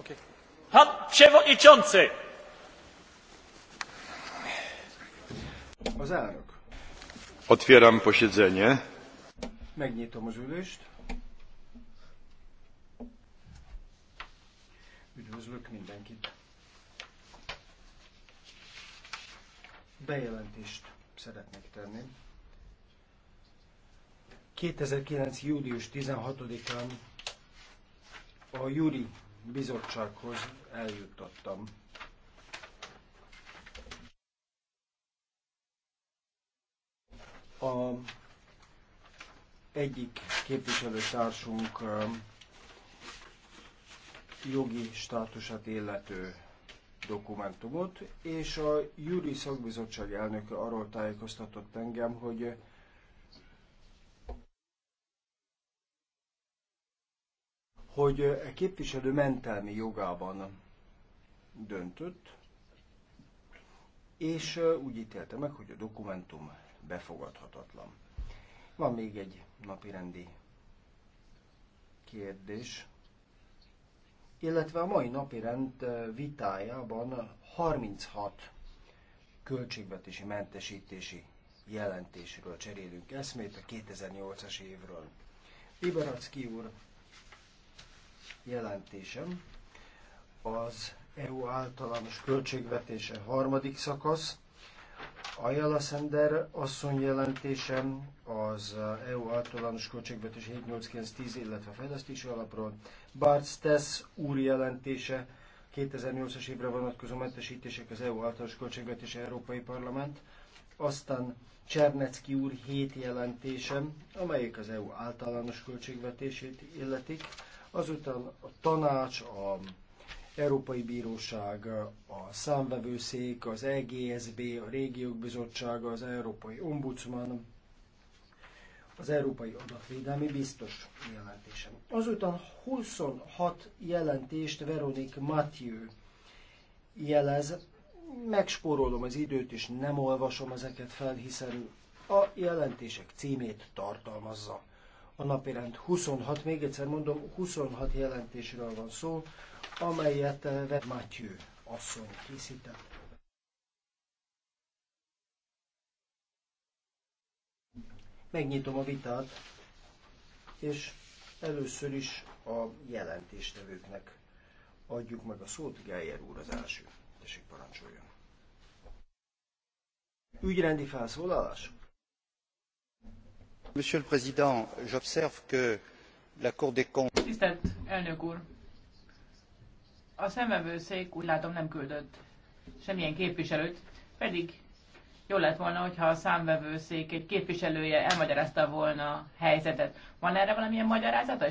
Okay. Pan przewodniczący! Az árok. Otwieram posiedzenie. Megnyitom az ülést. Üdvözlök mindenkit. Bejelentést szeretnék tenni. 2009. július 16-án a Júri bizottsághoz eljuttattam. A egyik képviselőtársunk um, jogi státusát illető dokumentumot, és a Júri Szakbizottság elnöke arról tájékoztatott engem, hogy hogy a e képviselő mentelmi jogában döntött, és úgy ítélte meg, hogy a dokumentum befogadhatatlan. Van még egy napirendi kérdés, illetve a mai napirend vitájában 36 költségvetési mentesítési jelentésről cserélünk eszmét a 2008-as évről. Liberacki úr jelentésem. Az EU általános költségvetése harmadik szakasz, Ajala Szender asszony jelentése az EU általános költségvetés 78910, illetve fejlesztési alapról, Bart Stess úr jelentése 2008-as évre vonatkozó mentesítések az EU általános költségvetés Európai Parlament, aztán Csernecki úr hét jelentésem, amelyek az EU általános költségvetését illetik, azután a tanács, a Európai Bíróság, a számvevőszék, az EGSB, a Régiók Bizottsága, az Európai Ombudsman, az Európai Adatvédelmi Biztos jelentése. Azután 26 jelentést Veronik Mathieu jelez, megspórolom az időt, és nem olvasom ezeket fel, hiszen a jelentések címét tartalmazza a napirend. 26, még egyszer mondom, 26 jelentésről van szó, amelyet Red eh, Mathieu asszony készített. Megnyitom a vitát, és először is a jelentéstevőknek adjuk meg a szót. Geyer úr az első. Tessék, parancsoljon. Ügyrendi felszólalás? Monsieur le Président, j'observe que la Cour des comptes... Tisztelt elnök úr! A szemvevőszék úgy látom nem küldött semmilyen képviselőt, pedig jó lett volna, hogyha a számvevőszék egy képviselője elmagyarázta volna a helyzetet. Van erre valamilyen magyarázata?